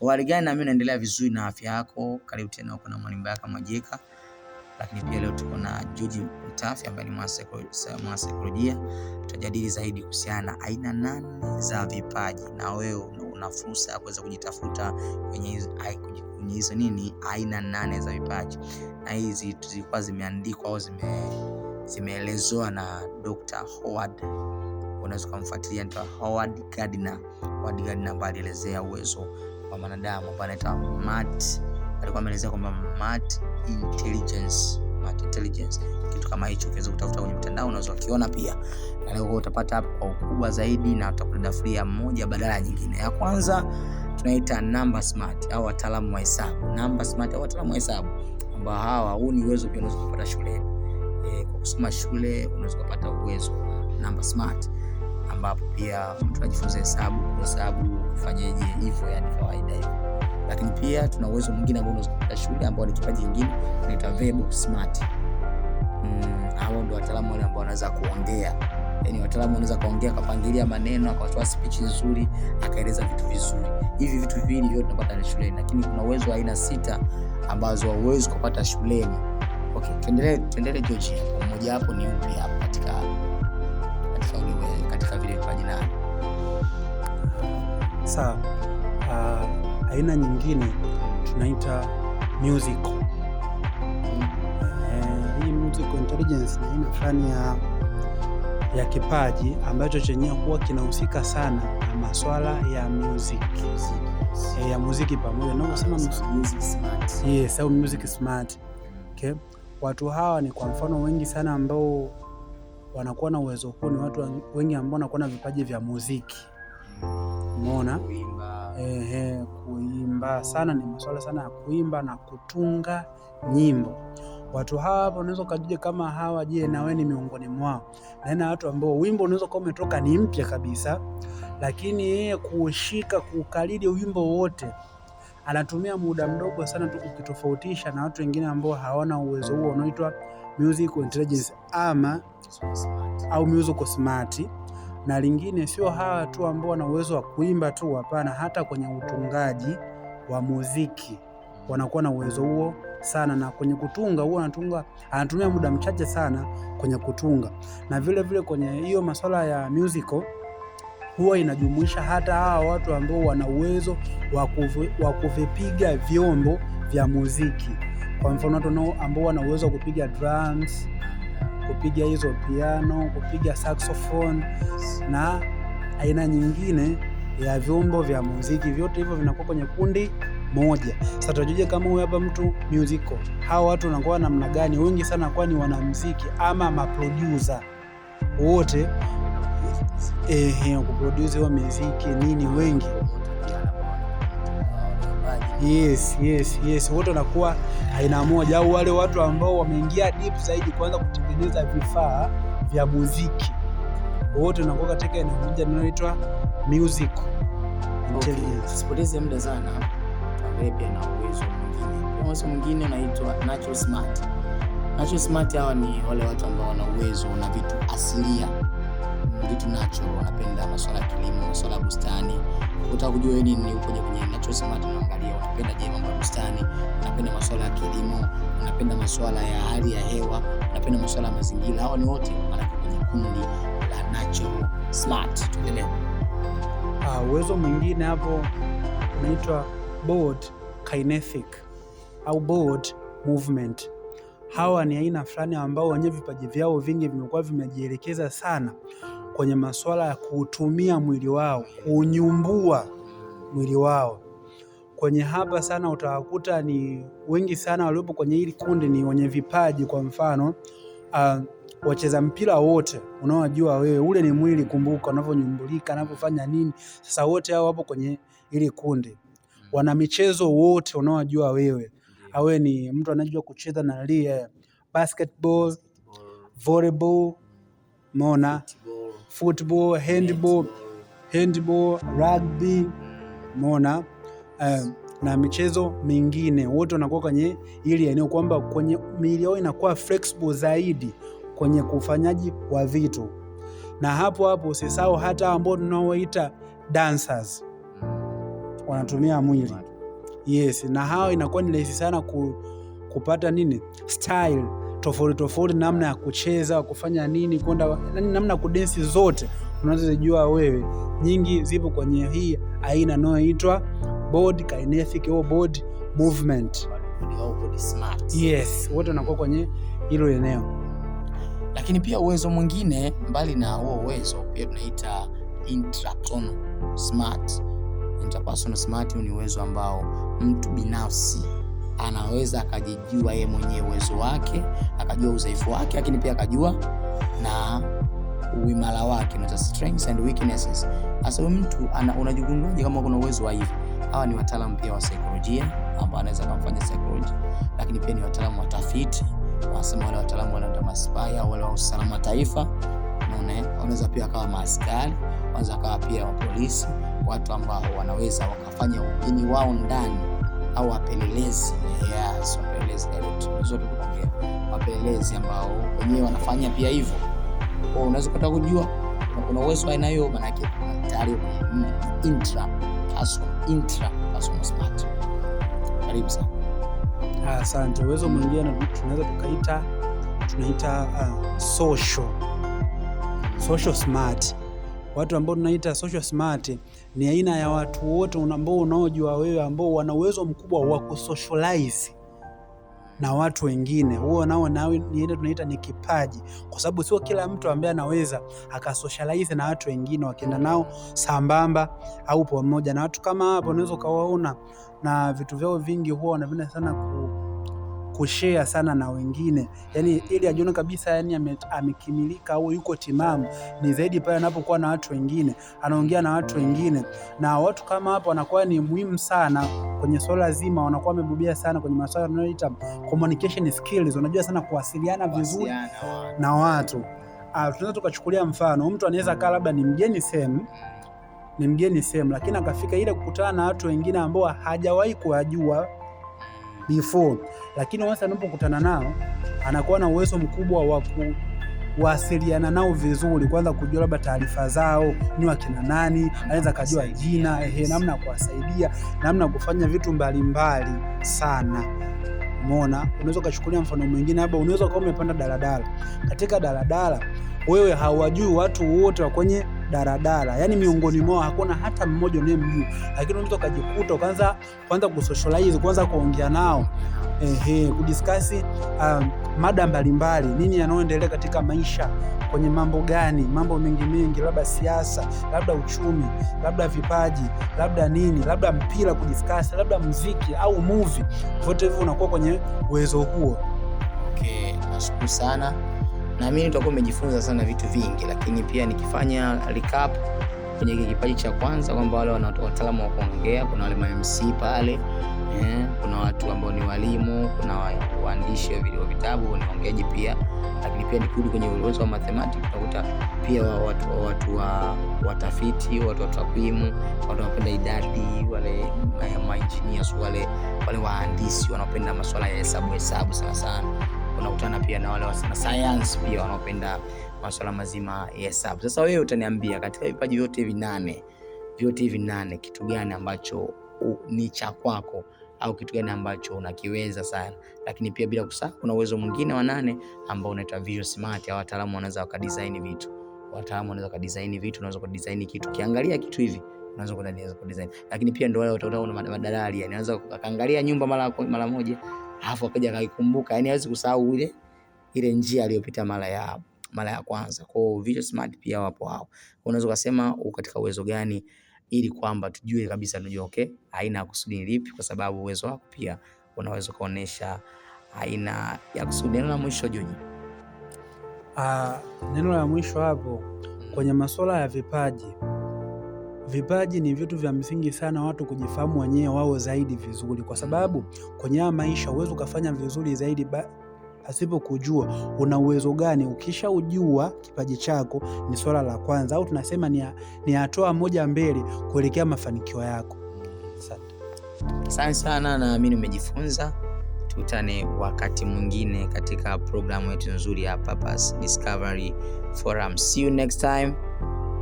Habari gani? Nami naendelea vizuri na afya yako. Karibu tena uko na Mwalimu Baraka Mwajeka, lakini pia leo tuko na George Mtafi ambaye ni mwanasaikolojia. Tutajadili zaidi kuhusiana na aina nane za vipaji, na wewe una fursa ya kuweza kujitafuta kwenye hizo nini, aina nane za vipaji, na hizi zilikuwa zimeandikwa au zime zimeelezewa na Dr. Howard unaweza kumfuatilia Howard Gardner, Howard Gardner ambaye alielezea uwezo kwa mwanadamu ambaye anaitwa Matt. Alikuwa ameelezea kwamba Matt intelligence, Matt intelligence, kitu kama hicho ukiweza kutafuta kwenye mtandao unaweza ukiona pia, na leo utapata hapo kwa ukubwa zaidi, na free ya moja badala ya nyingine. Ya kwanza tunaita number smart au wataalamu wa hesabu, number smart au wataalamu wa hesabu, ambao hawa, huu ni uwezo pia unaweza kupata shuleni. E, kwa kusoma shule unaweza kupata uwezo number smart ambapo pia mtu tunajifunza hesabu, hesabu ufanyeje hivyo, yani kawaida hivyo. Lakini pia tuna uwezo mwingine ambao unazunguka shule ambao ni kipaji kingine tunaita verbal smart. Mm, hao ndio wataalamu wale ambao wanaweza kuongea. yani wataalamu wanaweza kuongea, akapangilia maneno akatoa speech nzuri akaeleza vitu vizuri. Hivi vitu viwili vyote tunapata shuleni, lakini kuna uwezo wa aina sita ambazo hauwezi kupata shuleni. Okay, tuendelee tuendelee George. Mmoja wapo ni upi hapa katika sa Uh, aina nyingine tunaita musical. Eh, hii musical intelligence ni aina fulani ya ya kipaji ambacho chenyewe huwa kinahusika sana na maswala ya music e, ya muziki pamoja na kusema Yes, au music smart. Okay. Watu hawa ni kwa mfano wengi sana ambao wanakuwa na uwezo huu ni watu wengi ambao wanakuwa na vipaji vya muziki umeona ehe, kuimba sana ni masuala sana ya kuimba na kutunga nyimbo. Watu hawa unaweza ukajua kama hawa, je, na wewe ni miongoni mwao? Naina watu ambao wimbo unaweza kuwa umetoka ni mpya kabisa, lakini yeye kuushika kuukalili wimbo wote anatumia muda mdogo sana tu kukitofautisha na watu wengine ambao hawana uwezo huo unaoitwa music intelligence ama au musical smart na lingine sio hawa tu ambao wana uwezo wa kuimba tu, hapana, hata kwenye utungaji wa muziki wanakuwa na uwezo huo sana, na kwenye kutunga huwa anatunga, anatumia muda mchache sana kwenye kutunga, na vile vile kwenye hiyo masuala ya musical huwa inajumuisha hata hawa watu ambao wana uwezo wa kuvipiga vyombo vya muziki, kwa mfano watu ambao wana uwezo wa kupiga drums kupiga hizo piano, kupiga saxophone na aina nyingine ya vyombo vya muziki, vyote hivyo vinakuwa kwenye kundi moja. Sasa tujue kama huyu hapa mtu musical, hawa watu wanakuwa namna gani? Wengi sana kwa ni wanamuziki ama maproducer wote, eh, kuproduce hiyo muziki nini, wengi Yes, yes, yes. Wote wanakuwa aina moja, au wale watu ambao wameingia deep zaidi kuanza kutengeneza vifaa vya muziki, wote wanakuwa katika eneo moja linaloitwa music intelligence. Sipoteze muda sana, angalia pia na uwezo mwingine. Uwezo mwingine unaitwa natural smart. Natural smart, hawa ni wale watu ambao wana uwezo na vitu asilia vitu natural, wanapenda masuala ya kilimo, masuala ya bustani. Utaka kujua nini ukoje kwenye tunasema tunaangalia, unapenda je mambo ya bustani, unapenda masuala ya kilimo, unapenda masuala ya hali ya hewa, unapenda masuala ya mazingira. Hao ni wote wanatoka kwenye kundi la Nacho Smart. Tuendelee. Ah, uwezo mwingine hapo unaitwa board kinetic au board movement. Hawa ni aina fulani ambao wenye vipaji vyao vingi vimekuwa vimejielekeza sana kwenye masuala ya kuutumia mwili wao, kunyumbua mwili wao kwenye hapa sana utawakuta ni wengi sana waliopo kwenye hili kundi ni wenye vipaji. Kwa mfano uh, wacheza mpira wote unaojua wewe, ule ni mwili, kumbuka unavyonyumbulika, anavyofanya nini. Sasa wote hao wapo kwenye hili kundi, wana michezo wote unaojua wewe, awe ni mtu anajua kucheza na lia basketball, volleyball, mona football, handball, handball, rugby, mona Eh, na michezo mingine, wote wanakuwa kwenye ili eneo, kwamba kwenye miili yao inakuwa flexible zaidi kwenye kufanyaji wa vitu. Na hapo hapo usisahau hata ambao tunaoita dancers mm. wanatumia mwili, yes, na hao inakuwa ni rahisi sana ku, kupata nini style tofauti tofauti, namna ya kucheza, kufanya nini, kwenda namna ya kudensi, zote unazozijua wewe, nyingi zipo kwenye hii aina inayoitwa board kinetic au board movement. Yes, wote wanakuwa kwenye hilo eneo. Lakini pia uwezo mwingine mbali na huo uwezo pia tunaita intrapersonal smart. Intrapersonal smart ni uwezo ambao mtu binafsi anaweza akajijua yeye mwenyewe uwezo wake, akajua udhaifu wake, lakini pia akajua na uimara wake, strengths and weaknesses. Hasa mtu unajigunduaje kama kuna uwezo wa hivi hawa ni wataalamu pia wa saikolojia ambao anaweza kumfanya saikoloji lakini pia ni wataalamu wa tafiti, wanasema wale wataalamu wanaenda masipaya au wale wa usalama taifa, naona wanaweza pia kawa maaskari, wanaweza kawa pia wa polisi, watu ambao wanaweza wakafanya ujini wao ndani au wapelelezi yes, wapelelezi zote kutokea, wapelelezi ambao wenyewe wanafanya pia hivyo. Unaweza kutaka kujua kuna uwezo aina hiyo, maanake tayari intra interpersonal, intrapersonal smart. Karibu sana. Ah, asante. Uwezo mwingine tunaweza tukaita tunaita uh, social social smart. Watu ambao tunaita social smart ni aina ya watu wote ambao unaojua wewe ambao wana uwezo mkubwa wa kusocialize na watu wengine. Huo nao ile tunaita ni kipaji, kwa sababu sio kila mtu ambaye anaweza akasocialize na watu wengine wakienda nao sambamba au pamoja na watu kama hapo, unaweza ukawaona na vitu vyao vingi huwa wanapenda sana ku kushare sana na wengine, yani ili ajione kabisa yani amekimilika au yuko timamu ni zaidi pale anapokuwa na watu wengine, anaongea na watu wengine, na watu kama hapo wanakuwa ni muhimu sana kwenye swala zima, wanakuwa wamebobea sana kwenye masuala tunayoita communication skills, wanajua sana kuwasiliana vizuri na watu. Ah, tunaweza tukachukulia mfano, mtu anaweza kaa labda ni mgeni sehemu ni mgeni sehemu, lakini akafika ile kukutana na watu wengine ambao hajawahi kuwajua before, lakini once anapokutana nao anakuwa na uwezo mkubwa wa kuwasiliana nao vizuri, kwanza kujua labda taarifa zao ni wakina nani, anaweza akajua jina, ehe, namna ya kuwasaidia, namna ya kufanya vitu mbalimbali mbali sana. Umeona, unaweza ukachukulia mfano mwingine labda, unaweza ukawa umepanda daladala. Katika daladala, wewe hawajui watu wote wa kwenye daradara, yani miongoni mwao hakuna hata mmoja unayemjua, lakini unaweza ukajikuta kwanza kwanza kusocialize kwanza kuongea nao ehe, kudiskasi um, mada mbalimbali, nini yanayoendelea katika maisha, kwenye mambo gani, mambo mengi mengi, labda siasa, labda uchumi, labda vipaji, labda nini, labda mpira kudiskasi, labda muziki au movie, vote hivyo unakuwa kwenye uwezo huo. Okay, nashukuru sana naamini tutakuwa umejifunza sana vitu vingi, lakini pia nikifanya recap kwenye kipaji cha kwanza kwamba wale wataalamu wa kuongea, kuna wale MC pale eh, kuna watu ambao ni walimu, kuna waandishi wa vitabu, ni waongeaji pia lakini pia nikirudi kwenye uwezo wa mathematics utakuta pia watu watu wa watafiti, watu wa takwimu, watu wanapenda idadi, wale engineers, wale wale wahandisi wanapenda masuala ya hesabu hesabu sana sana unakutana pia na wale wa science pia wanaopenda masuala mazima ya hesabu. Sasa wewe utaniambia katika vipaji vyote hivi nane, vyote hivi nane, kitu gani ambacho ni cha kwako au kitu gani ambacho unakiweza sana, lakini pia bila kusahau kuna uwezo mwingine wa nane ambao unaitwa visual smart, au wataalamu wanaweza wakadesign vitu, wataalamu wanaweza kadesign vitu, unaweza kudesign kitu, kiangalia kitu hivi unaweza kudesign, lakini pia ndio wale utaona madalali, yani anaweza akaangalia nyumba mara mara moja alafu akaja akaikumbuka, yani hawezi kusahau ile ile njia aliyopita mara ya mara ya kwanza. Kwa hiyo Smart pia wapo hao. Unaweza kusema uko katika uwezo gani, ili kwamba tujue kabisa, tunajua okay, aina ya kusudi lipi, kwa sababu uwezo wako pia unaweza kuonesha aina ya kusudi. Neno la mwisho Joji. Ah, neno la mwisho hapo kwenye masuala ya vipaji vipaji ni vitu vya msingi sana watu kujifahamu wenyewe wao zaidi vizuri, kwa sababu kwenye haya maisha huwezi ukafanya vizuri zaidi ba pasipo kujua una uwezo gani. Ukisha ujua kipaji chako, ni swala la kwanza, au tunasema ni hatua moja mbele kuelekea mafanikio yako. Asante, asante sana, naamini umejifunza. Tutane wakati mwingine katika programu yetu nzuri ya Purpose Discovery Forum. See you next time.